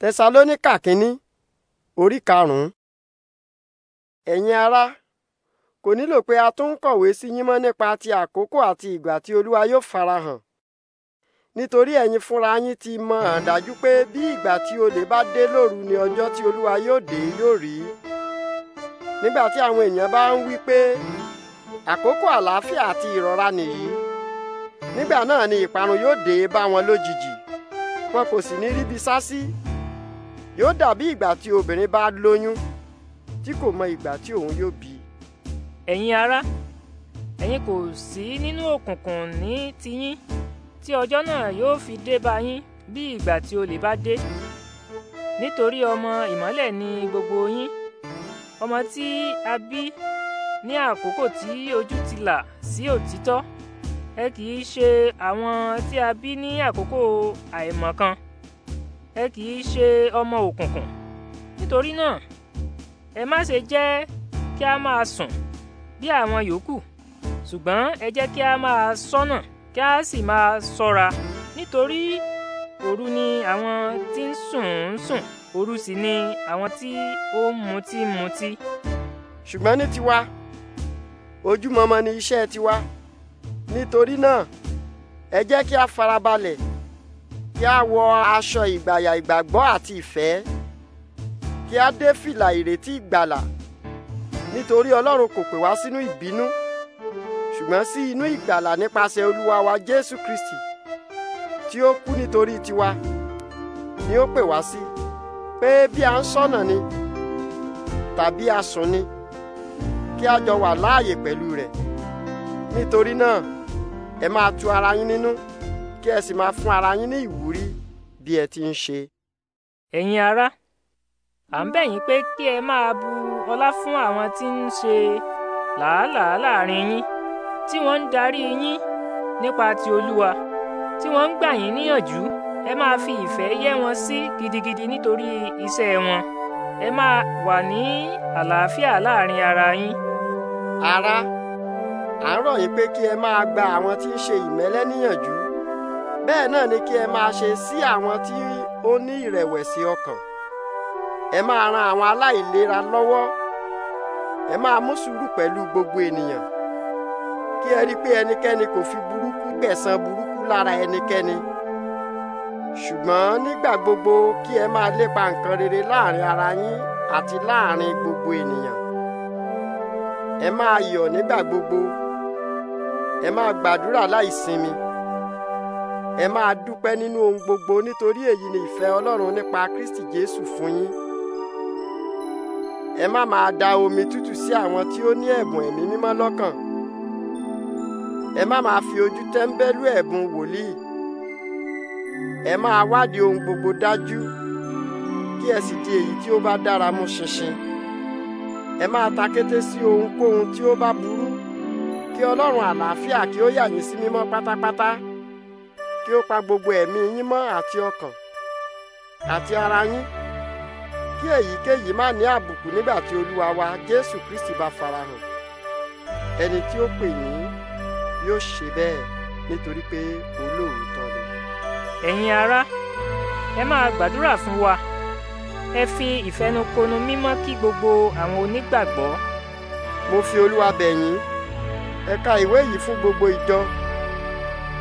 tẹsalóníkà kínní orí karùnún. ẹ̀yin ará kò nílò pé a tún ń kọ̀wé sí yín mọ́ nípa ti àkókò àti ìgbà tí olúwa yóò farahàn nítorí ẹ̀yin fúnra yín ti mọ̀ hàn dájú pé bí ìgbà tí olè bá dé lóru ni ọjọ́ tí olúwa yóò dé yóò rí nígbà tí àwọn èèyàn bá ń wí pé àkókò àlàáfíà àti ìrọ̀ra nìyí nígbà náà ni ìparun yóò dé bá wọn lójijì wọn kò sì ní ríbi sá sí yóò dàbí ìgbà tí obìnrin bá lóyún tí kò mọ ìgbà tí òun yóò bí. ẹ̀yin ará ẹ̀yin kò sí nínú òkùnkùn ní tiyín tí ọjọ́ náà yóò fi dé bá yín bí ìgbà tí olè bá dé nítorí ọmọ ìmọ́lẹ̀ ni gbogbo yín ọmọ tí a bí ní àkókò tí ojú ti là sí òtítọ́ ẹ kì í ṣe àwọn tí a bí ní àkókò àìmọ̀kan ẹ kì í ṣe ọmọ òkùnkùn nítorí náà ẹ má ṣe jẹ́ kí a máa sùn bí àwọn yòókù ṣùgbọ́n ẹ jẹ́ kí a máa ṣọ́nà kí a sì máa ṣọ́ra nítorí òru ni àwọn tí ń sùn ń sùn òru sì ni àwọn tí ó ń mutí mutí. ṣùgbọ́n ní tiwa ojúmọmọ ni iṣẹ́ tiwa nítorí náà ẹ jẹ́ kí a farabalẹ̀ kí a wọ aṣọ ìgbàyà ìgbàgbọ́ àti ìfẹ́ kí a dé fìlà ìrètí ìgbàlà nítorí ọlọ́run kò pè wá sínú ìbínú ṣùgbọ́n sí inú ìgbàlà nípasẹ̀ olúwa wa jésù kristi tí ó kú nítorí tiwa ni ó pè wá sí pé bí a ń ṣọ̀nà ni tàbí a sùn ni kí a jọ wà láàyè pẹ̀lú rẹ̀ nítorí náà ẹ máa tu ara yín nínú. No? kí ẹ sì máa fún ara yín ní ìwúrí bí ẹ ti ń ṣe. ẹ̀yin ará à ń bẹ̀ yín pé kí ẹ máa bu ọlá fún àwọn tí ń ṣe làálàá láàrin yín tí wọ́n ń darí yín nípa ti olúwa tí wọ́n ń gbà yín níyànjú ẹ máa fi ìfẹ́ yẹ́ wọn sí gidigidi nítorí iṣẹ́ wọn ẹ máa wà ní àlàáfíà láàrin ara yín. ará à ń rọ̀ yín pé kí ẹ máa gba àwọn tí ń ṣe ìmẹ́lẹ́ níyànjú bẹ́ẹ̀ náà ni kí ẹ máa ṣe sí àwọn tí ó ní ìrẹ̀wẹ̀sì ọkàn ẹ máa ran àwọn aláìlera lọ́wọ́ ẹ máa mú sùúrù pẹ̀lú gbogbo ènìyàn kí ẹ rí i pé ẹnikẹ́ni kò fi burúkú gbẹ̀san burúkú lára ẹnikẹ́ni ṣùgbọ́n nígbà gbogbo kí ẹ máa lépa nǹkan rere láàrin ara yín àti láàrin gbogbo ènìyàn ẹ máa yọ̀ nígbà gbogbo ẹ máa gbàdúrà láìsinmi ẹ máa dúpẹ́ nínú ohun gbogbo nítorí èyí ni ìfẹ́ Ọlọ́run nípa Kristi Jésù fún yín ẹ má máa da omi tútù sí àwọn tí ó ní ẹ̀bùn ẹ̀mí mímọ́ lọ́kàn ẹ má máa fi ojú tẹ́ńbẹ́lú ẹ̀bùn wòlíì ẹ máa wádìí ohun gbogbo dájú kí ẹ sì di èyí tí ó bá dára mú ṣinṣin ẹ máa ta kété sí ohunkóhun tí ó bá burú kí Ọlọ́run àlàáfíà kí ó yà sí mímọ́ pátápátá kí ó pa gbogbo ẹ̀mí yín mọ́ àti ọkàn àti ara yín kí èyíkéyìí má ní àbùkù nígbà tí olúwa wa jésù kristi bá farahàn ẹni tí ó pè yín yóò ṣe bẹ́ẹ̀ nítorí pé olóòótọ́ ni. ẹ̀yin ará ẹ máa gbàdúrà fún wa ẹ fi ìfẹnukonu mímọ́ kí gbogbo àwọn onígbàgbọ́. mo fi olúwa bẹ̀ yín ẹ ka ìwé yìí fún gbogbo ìjọ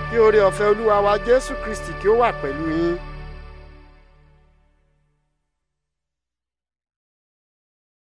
kí oore ọ̀fẹ́ olúwa wa jésù kristi kí ó wà pẹ̀lú yín.